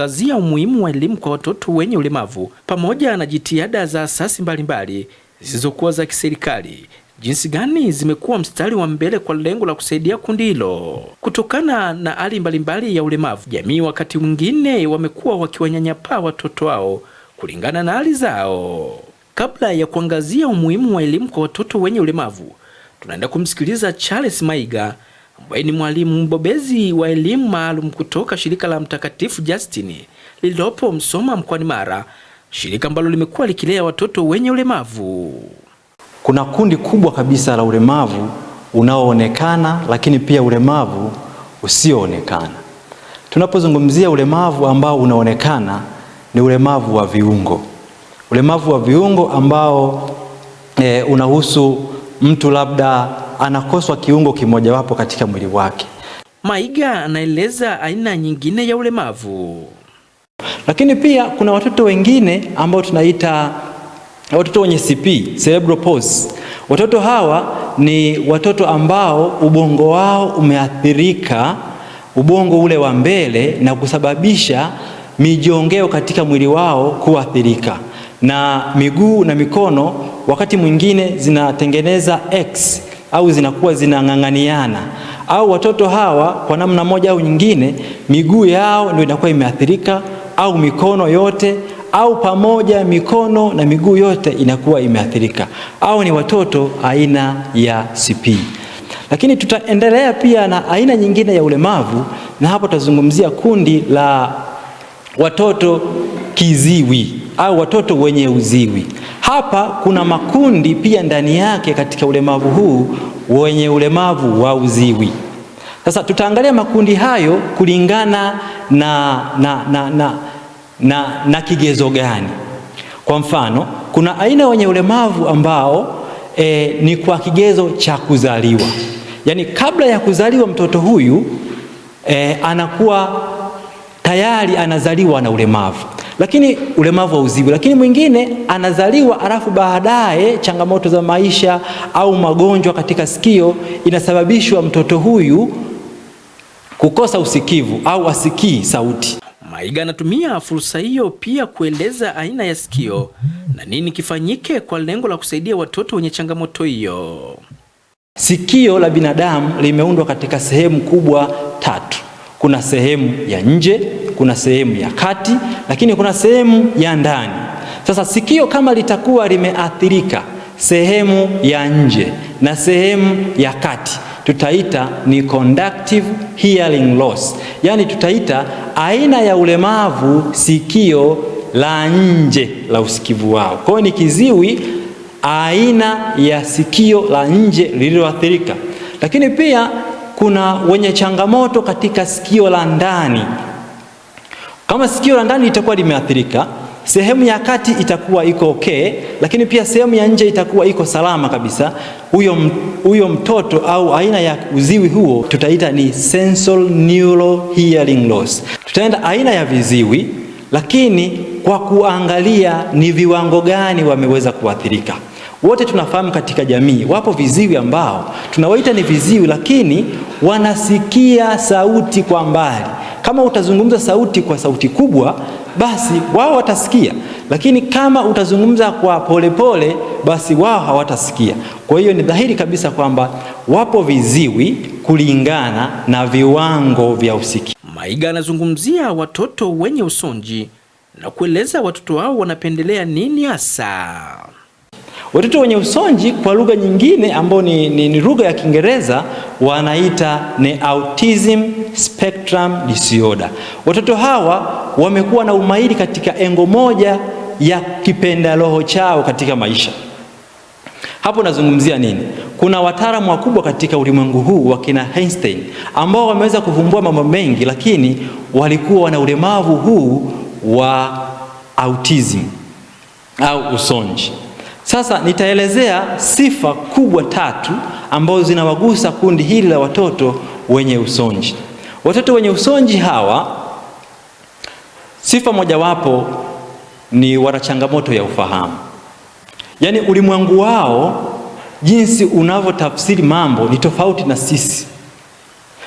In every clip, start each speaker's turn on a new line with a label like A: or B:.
A: kuangazia umuhimu wa elimu kwa watoto wenye ulemavu pamoja na jitihada za asasi mbalimbali zisizokuwa za kiserikali jinsi gani zimekuwa mstari wa mbele kwa lengo la kusaidia kundi hilo kutokana na hali mbalimbali ya ulemavu. Jamii wakati mwingine wamekuwa wakiwanyanyapaa watoto wao kulingana na hali zao. Kabla ya kuangazia umuhimu wa elimu kwa watoto wenye ulemavu, tunaenda kumsikiliza Charles Maiga ambaye ni mwalimu mbobezi wa elimu maalum kutoka shirika la Mtakatifu Justini lililopo Msoma mkoani Mara, shirika ambalo limekuwa likilea watoto wenye ulemavu.
B: Kuna kundi kubwa kabisa la ulemavu unaoonekana, lakini pia ulemavu usioonekana. Tunapozungumzia ulemavu ambao unaonekana ni ulemavu wa viungo, ulemavu wa viungo ambao e, unahusu mtu labda anakoswa kiungo kimojawapo katika mwili wake.
A: Maiga anaeleza aina nyingine ya ulemavu,
B: lakini pia kuna watoto wengine ambao tunaita watoto wenye CP, cerebral palsy. Watoto hawa ni watoto ambao ubongo wao umeathirika, ubongo ule wa mbele, na kusababisha mijongeo katika mwili wao kuathirika, na miguu na mikono wakati mwingine zinatengeneza X au zinakuwa zinang'ang'aniana au watoto hawa kwa namna moja au nyingine, miguu yao ndio inakuwa imeathirika au mikono yote au pamoja mikono na miguu yote inakuwa imeathirika, au ni watoto aina ya CP. Lakini tutaendelea pia na aina nyingine ya ulemavu, na hapo tutazungumzia kundi la watoto kiziwi au watoto wenye uziwi. Hapa kuna makundi pia ndani yake katika ulemavu huu wenye ulemavu wa uziwi. Sasa tutaangalia makundi hayo kulingana na, na, na, na, na, na kigezo gani. Kwa mfano, kuna aina wenye ulemavu ambao e, ni kwa kigezo cha kuzaliwa, yaani kabla ya kuzaliwa mtoto huyu e, anakuwa tayari anazaliwa na ulemavu lakini ulemavu wa uziwi. Lakini mwingine anazaliwa alafu baadaye changamoto za maisha au magonjwa katika sikio inasababishwa mtoto huyu kukosa usikivu au asikii sauti.
A: Maiga anatumia fursa hiyo pia kueleza aina ya sikio na nini kifanyike kwa lengo la kusaidia watoto wenye changamoto hiyo.
B: Sikio la binadamu limeundwa katika sehemu kubwa tatu. Kuna sehemu ya nje kuna sehemu ya kati, lakini kuna sehemu ya ndani. Sasa sikio kama litakuwa limeathirika sehemu ya nje na sehemu ya kati, tutaita ni conductive hearing loss, yaani tutaita aina ya ulemavu sikio la nje la usikivu wao. Kwa hiyo ni kiziwi aina ya sikio la nje lililoathirika, lakini pia kuna wenye changamoto katika sikio la ndani kama sikio la ndani litakuwa limeathirika, sehemu ya kati itakuwa iko okay, lakini pia sehemu ya nje itakuwa iko salama kabisa. Huyo huyo mtoto au aina ya uziwi huo tutaita ni sensory neural hearing loss. Tutaenda aina ya viziwi, lakini kwa kuangalia ni viwango gani wameweza kuathirika. Wote tunafahamu katika jamii wapo viziwi ambao tunawaita ni viziwi, lakini wanasikia sauti kwa mbali kama utazungumza sauti kwa sauti kubwa, basi wao watasikia, lakini kama utazungumza kwa polepole pole, basi wao hawatasikia. Kwa hiyo ni dhahiri kabisa kwamba wapo viziwi kulingana na viwango vya usiki
A: Maiga anazungumzia watoto wenye usonji na kueleza watoto wao wanapendelea nini hasa.
B: Watoto wenye usonji kwa lugha nyingine ambao ni, ni, ni lugha ya Kiingereza wanaita ni autism spectrum disorder. Watoto hawa wamekuwa na umahiri katika engo moja ya kipenda roho chao katika maisha. Hapo nazungumzia nini? Kuna wataalamu wakubwa katika ulimwengu huu wakina Einstein ambao wameweza kuvumbua mambo mengi, lakini walikuwa wana ulemavu huu wa autism au usonji. Sasa nitaelezea sifa kubwa tatu ambazo zinawagusa kundi hili la watoto wenye usonji. Watoto wenye usonji hawa, sifa mojawapo ni wana changamoto ya ufahamu, yaani ulimwengu wao jinsi unavyotafsiri mambo ni tofauti na sisi.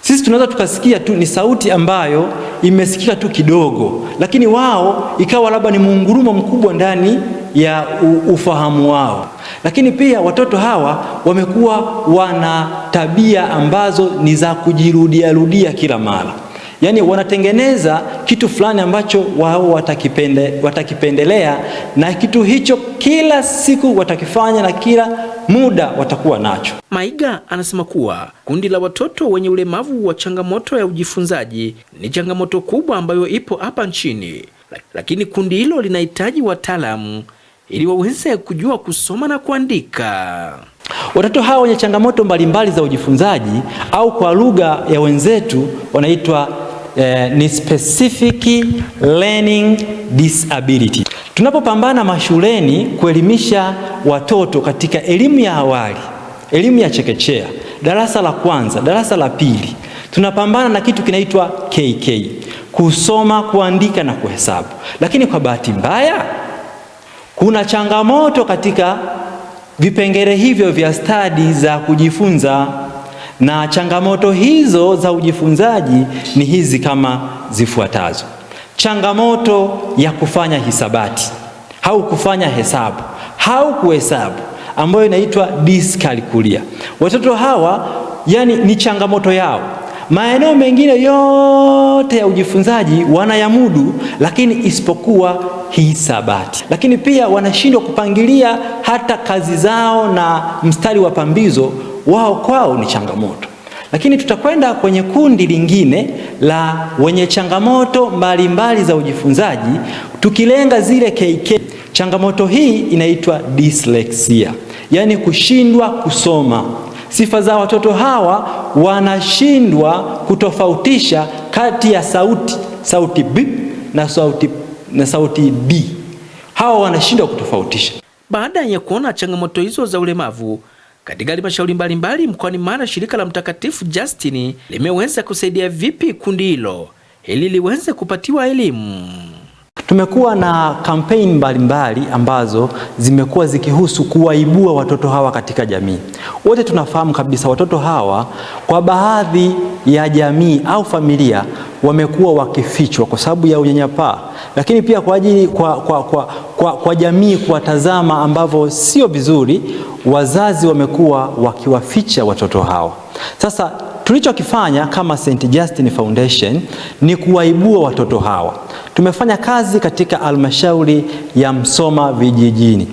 B: Sisi tunaweza tukasikia tu ni sauti ambayo imesikika tu kidogo, lakini wao ikawa labda ni muungurumo mkubwa ndani ya ufahamu wao, lakini pia watoto hawa wamekuwa wana tabia ambazo ni za kujirudiarudia kila mara, yaani wanatengeneza kitu fulani ambacho wao watakipende, watakipendelea na kitu hicho kila siku watakifanya na kila muda watakuwa nacho.
A: Maiga anasema kuwa kundi la watoto wenye ulemavu wa changamoto ya ujifunzaji ni changamoto kubwa ambayo ipo hapa nchini, lakini kundi hilo linahitaji wataalamu ili waweze kujua kusoma na kuandika.
B: Watoto hawa wenye changamoto mbalimbali za ujifunzaji au kwa lugha ya wenzetu wanaitwa eh, ni specific learning disability. Tunapopambana mashuleni kuelimisha watoto katika elimu ya awali, elimu ya chekechea, darasa la kwanza, darasa la pili, tunapambana na kitu kinaitwa KK, kusoma, kuandika na kuhesabu, lakini kwa bahati mbaya kuna changamoto katika vipengele hivyo vya stadi za kujifunza, na changamoto hizo za ujifunzaji ni hizi kama zifuatazo. Changamoto ya kufanya hisabati au kufanya hesabu au kuhesabu ambayo inaitwa dyscalculia. Watoto hawa yani, ni changamoto yao maeneo mengine yote ya ujifunzaji wanayamudu, lakini isipokuwa hii Sabati. Lakini pia wanashindwa kupangilia hata kazi zao na mstari wa pambizo wao kwao ni changamoto. Lakini tutakwenda kwenye kundi lingine la wenye changamoto mbalimbali mbali za ujifunzaji, tukilenga zile KK. Changamoto hii inaitwa dyslexia, yaani kushindwa kusoma. Sifa za watoto hawa wanashindwa kutofautisha kati ya sauti sauti B na sauti, na sauti B. Hawa wanashindwa kutofautisha.
A: Baada ya kuona changamoto hizo za ulemavu katika halmashauri mbalimbali mkoani Mara, shirika la Mtakatifu Justini limeweza kusaidia vipi kundi hilo ili liweze kupatiwa elimu?
B: Tumekuwa na kampeni mbalimbali ambazo zimekuwa zikihusu kuwaibua watoto hawa katika jamii. Wote tunafahamu kabisa watoto hawa kwa baadhi ya jamii au familia wamekuwa wakifichwa kwa sababu ya unyanyapaa, lakini pia kwa ajili kwa, kwa, kwa, kwa, kwa jamii kuwatazama ambavyo sio vizuri, wazazi wamekuwa wakiwaficha watoto hawa. Sasa tulichokifanya kama St. Justin Foundation ni kuwaibua watoto hawa. Tumefanya kazi katika halmashauri ya Msoma vijijini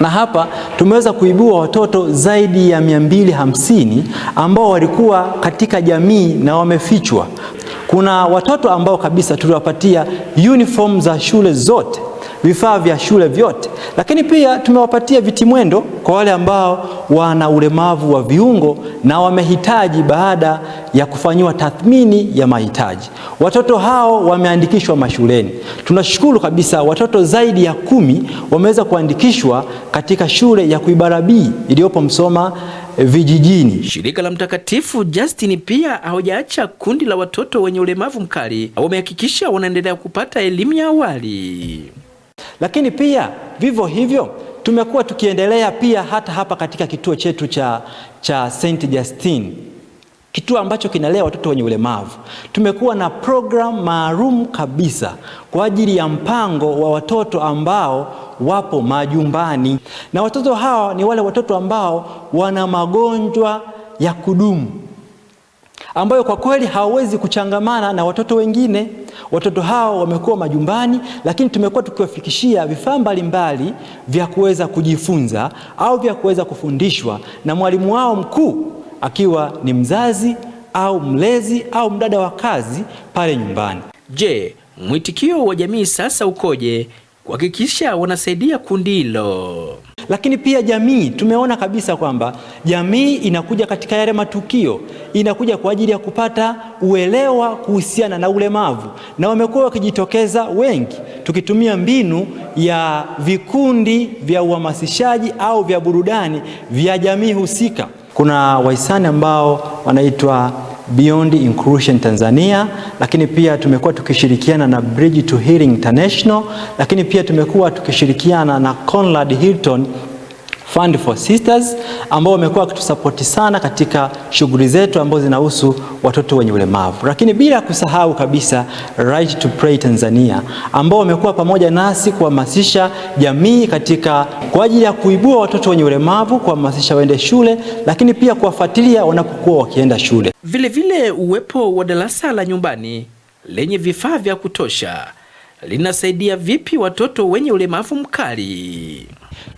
B: na hapa tumeweza kuibua watoto zaidi ya hamsini ambao walikuwa katika jamii na wamefichwa. Kuna watoto ambao kabisa tuliwapatia uniform za shule zote vifaa vya shule vyote, lakini pia tumewapatia vitimwendo kwa wale ambao wana ulemavu wa viungo na wamehitaji baada ya kufanyiwa tathmini ya mahitaji. Watoto hao wameandikishwa mashuleni. Tunashukuru kabisa, watoto zaidi ya kumi wameweza kuandikishwa katika shule ya kuibarabii iliyopo Msoma eh, vijijini.
A: Shirika la Mtakatifu Justin pia hawajaacha kundi la watoto wenye ulemavu mkali, wamehakikisha wanaendelea kupata elimu ya awali.
B: Lakini pia vivyo hivyo tumekuwa tukiendelea pia hata hapa katika kituo chetu cha, cha St. Justine kituo ambacho kinalea watoto wenye ulemavu. Tumekuwa na programu maalum kabisa kwa ajili ya mpango wa watoto ambao wapo majumbani, na watoto hawa ni wale watoto ambao wana magonjwa ya kudumu ambayo kwa kweli hawawezi kuchangamana na watoto wengine. Watoto hao wamekuwa majumbani, lakini tumekuwa tukiwafikishia vifaa mbalimbali vya kuweza kujifunza au vya kuweza kufundishwa na mwalimu wao mkuu akiwa ni mzazi au mlezi au mdada wa kazi pale nyumbani.
A: Je, mwitikio wa jamii sasa ukoje kuhakikisha wanasaidia kundi hilo?
B: Lakini pia jamii, tumeona kabisa kwamba jamii inakuja katika yale matukio, inakuja kwa ajili ya kupata uelewa kuhusiana na ulemavu, na wamekuwa wakijitokeza wengi, tukitumia mbinu ya vikundi vya uhamasishaji au vya burudani vya jamii husika. Kuna wahisani ambao wanaitwa Beyond Inclusion Tanzania, lakini pia tumekuwa tukishirikiana na Bridge to Healing International, lakini pia tumekuwa tukishirikiana na Conrad Hilton Fund for Sisters ambao wamekuwa wakitusapoti sana katika shughuli zetu ambazo zinahusu watoto wenye ulemavu, lakini bila kusahau kabisa Right to Play Tanzania ambao wamekuwa pamoja nasi kuhamasisha jamii katika kwa ajili ya kuibua watoto wenye ulemavu, kuhamasisha waende shule, lakini pia kuwafuatilia wanapokuwa wakienda shule.
A: Vilevile vile uwepo wa darasa la nyumbani lenye vifaa vya kutosha linasaidia vipi watoto wenye ulemavu mkali?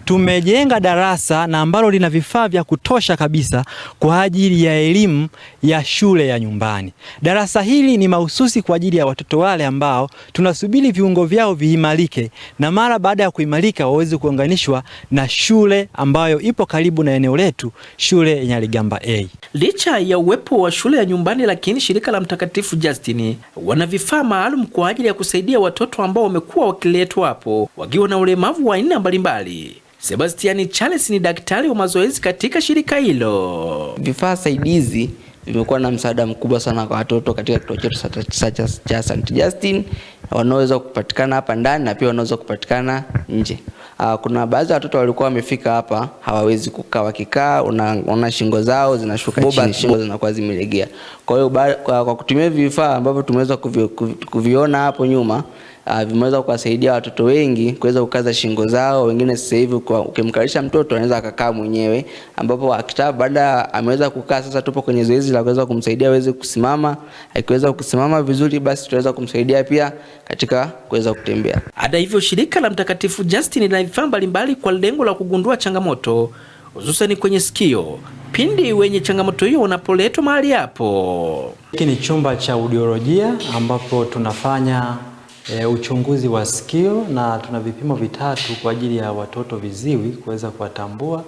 B: tumejenga darasa na ambalo lina vifaa vya kutosha kabisa kwa ajili ya elimu ya shule ya nyumbani. Darasa hili ni mahususi kwa ajili ya watoto wale ambao tunasubiri viungo vyao viimarike, na mara baada ya kuimarika waweze kuunganishwa na shule ambayo ipo karibu na eneo letu, shule ya Nyarigamba A.
A: Licha ya uwepo wa shule ya nyumbani, lakini shirika la Mtakatifu Justini wana vifaa maalum kwa ajili ya kusaidia watoto ambao wamekuwa wakiletwa hapo wakiwa na ulemavu wa aina mbalimbali. Sebastian Charles ni daktari wa mazoezi katika shirika hilo.
C: Vifaa saidizi vimekuwa na msaada mkubwa sana kwa watoto katika kituo chetu cha St. Justin, wanaoweza kupatikana hapa ndani na pia wanaweza kupatikana nje. Ah, kuna baadhi ya watoto walikuwa wamefika hapa hawawezi kukaa, wakikaa unaona shingo zao zinashuka chini, shingo zinakuwa zimelegea. Kwa hiyo kwa kutumia vifaa ambavyo tumeweza kuviona hapo nyuma uh, vimeweza kuwasaidia watoto wengi kuweza kukaza shingo zao. Wengine sasa hivi ukimkalisha mtoto anaweza akakaa mwenyewe, ambapo akitaka baada ameweza kukaa, sasa tupo kwenye zoezi la kuweza kumsaidia aweze kusimama. Akiweza kusimama vizuri, basi tunaweza kumsaidia pia katika kuweza kutembea.
A: Hata hivyo, shirika la Mtakatifu Justin lina vifaa mbalimbali kwa lengo la kugundua changamoto hususani kwenye sikio pindi wenye changamoto hiyo wanapoletwa mahali hapo.
D: Hiki ni chumba cha audiolojia ambapo tunafanya e, uchunguzi wa sikio na tuna vipimo vitatu kwa ajili ya watoto viziwi kuweza kuwatambua,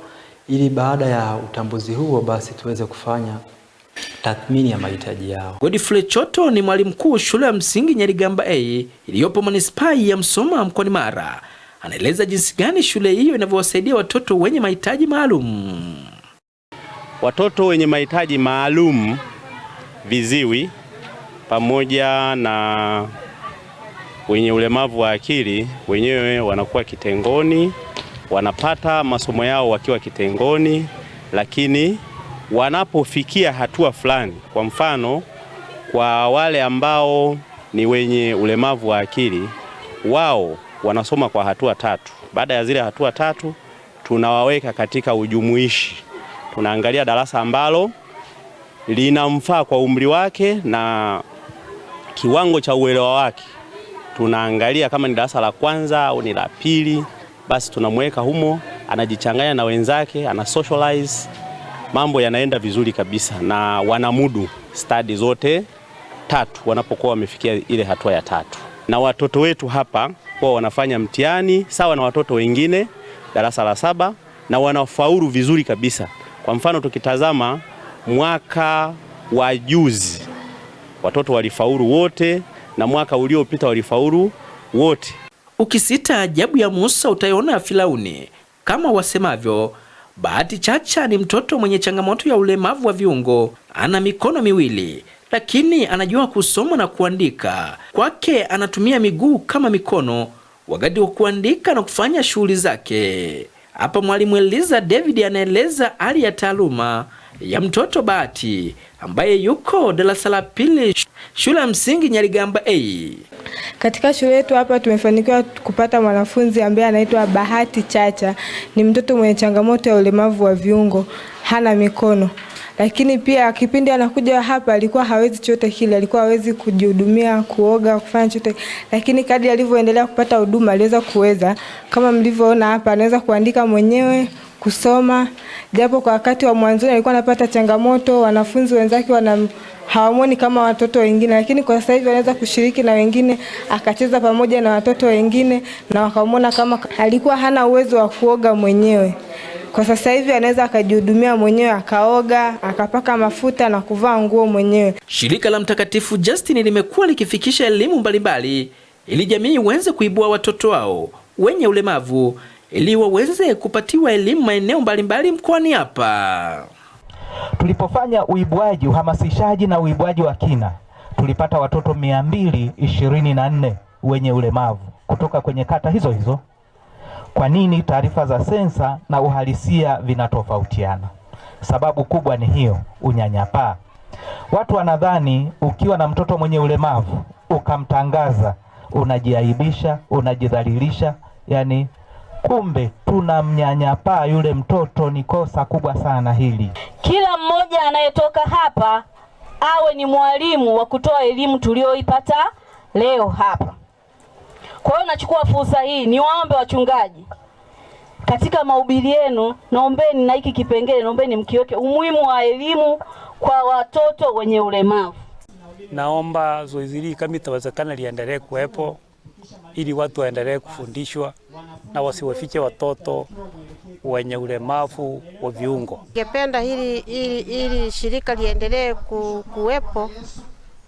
D: ili baada ya utambuzi huo basi tuweze kufanya tathmini ya mahitaji yao.
A: Godfrey Choto ni mwalimu mkuu shule ya msingi Nyarigamba A iliyopo manispaa ya Msoma mkoani Mara. Anaeleza jinsi gani shule hiyo inavyowasaidia watoto wenye mahitaji maalum.
E: Watoto wenye mahitaji maalum viziwi pamoja na wenye ulemavu wa akili wenyewe wanakuwa kitengoni, wanapata masomo yao wakiwa kitengoni, lakini wanapofikia hatua fulani, kwa mfano kwa wale ambao ni wenye ulemavu wa akili, wao wanasoma kwa hatua tatu. Baada ya zile hatua tatu, tunawaweka katika ujumuishi, tunaangalia darasa ambalo linamfaa kwa umri wake na kiwango cha uelewa wake tunaangalia kama ni darasa la kwanza au ni la pili, basi tunamweka humo, anajichanganya na wenzake, ana socialize, mambo yanaenda vizuri kabisa, na wanamudu stadi zote tatu wanapokuwa wamefikia ile hatua ya tatu. Na watoto wetu hapa kwa wanafanya mtihani sawa na watoto wengine darasa la saba na wanafaulu vizuri kabisa. Kwa mfano tukitazama mwaka wa juzi watoto walifaulu wote na mwaka uliopita walifaulu wote.
A: Ukisita ajabu ya Musa utaiona ya Firauni, kama wasemavyo. Bahati Chacha ni mtoto mwenye changamoto ya ulemavu wa viungo, ana mikono miwili lakini anajua kusoma na kuandika. Kwake anatumia miguu kama mikono wakati wa kuandika na kufanya shughuli zake. Hapa mwalimu Eliza David anaeleza hali ya taaluma ya mtoto Bahati ambaye yuko darasa la pili shule ya msingi Nyaligamba A.
F: Katika shule yetu hapa tumefanikiwa kupata mwanafunzi ambaye anaitwa Bahati Chacha. Ni mtoto mwenye changamoto ya ulemavu wa viungo, hana mikono lakini pia kipindi anakuja hapa alikuwa hawezi chote kile, alikuwa hawezi kujihudumia, kuoga, kufanya chote, lakini kadri alivyoendelea kupata huduma aliweza kuweza. Kama mlivyoona hapa, anaweza kuandika mwenyewe, kusoma, japo kwa wakati wa mwanzoni alikuwa anapata changamoto, wanafunzi wenzake wanam hawamwoni kama watoto wengine, lakini kwa sasa hivi anaweza kushiriki na wengine akacheza pamoja na watoto wengine, na wakamwona kama alikuwa hana uwezo wa kuoga mwenyewe. Kwa sasa hivi anaweza akajihudumia mwenyewe, akaoga, akapaka mafuta na kuvaa nguo mwenyewe.
A: Shirika la Mtakatifu Justin limekuwa likifikisha elimu mbalimbali ili jamii iweze kuibua watoto wao wenye ulemavu ili waweze kupatiwa elimu maeneo mbalimbali mkoani hapa.
G: Tulipofanya uibuaji, uhamasishaji na uibuaji wa kina, tulipata watoto mia mbili ishirini na nne wenye ulemavu kutoka kwenye kata hizo hizo. Kwa nini taarifa za sensa na uhalisia vinatofautiana? Sababu kubwa ni hiyo, unyanyapaa. Watu wanadhani ukiwa na mtoto mwenye ulemavu ukamtangaza, unajiaibisha, unajidhalilisha, yani Kumbe tunamnyanyapaa yule mtoto, ni kosa kubwa sana hili.
H: Kila mmoja anayetoka hapa awe ni mwalimu wa kutoa elimu tulioipata leo hapa. Kwa hiyo nachukua fursa hii niwaombe wachungaji, katika mahubiri yenu, naombeni na hiki kipengele, naombeni mkiweke umuhimu wa elimu kwa watoto wenye ulemavu.
I: Naomba zoezi hili kama itawezekana liendelee kuwepo ili watu waendelee kufundishwa na wasiwafiche watoto wenye ulemavu wa viungo.
J: Ningependa hili, hili, hili shirika liendelee ku, kuwepo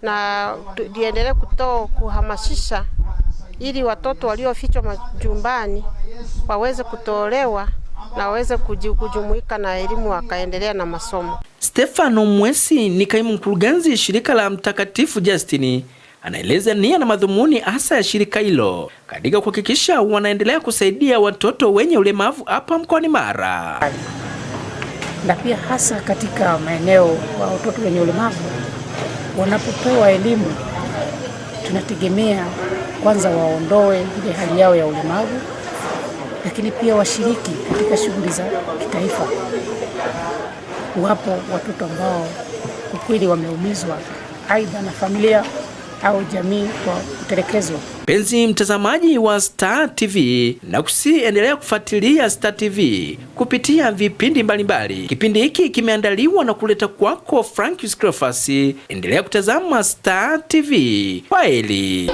J: na liendelee kutoa kuhamasisha ili watoto waliofichwa majumbani waweze kutolewa na waweze kujumuika na elimu wakaendelea na masomo.
A: Stefano Mwesi ni kaimu mkurugenzi shirika la Mtakatifu Justini anaeleza nia na madhumuni hasa ya shirika hilo katika kuhakikisha wanaendelea kusaidia watoto wenye ulemavu hapa mkoani Mara
K: na pia hasa katika maeneo wa watoto wenye ulemavu wanapopewa elimu, tunategemea kwanza waondoe ile hali yao ya ulemavu, lakini pia washiriki katika shughuli za kitaifa. Wapo watoto ambao kwa kweli wameumizwa aidha na familia au jamii kwa kutelekezwa.
A: Mpenzi mtazamaji wa Star TV, na kusiendelea kufuatilia Star TV kupitia vipindi mbalimbali. Kipindi hiki kimeandaliwa na kuleta kwako Frank Scrofas. Endelea kutazama Star TV. Kwaheri.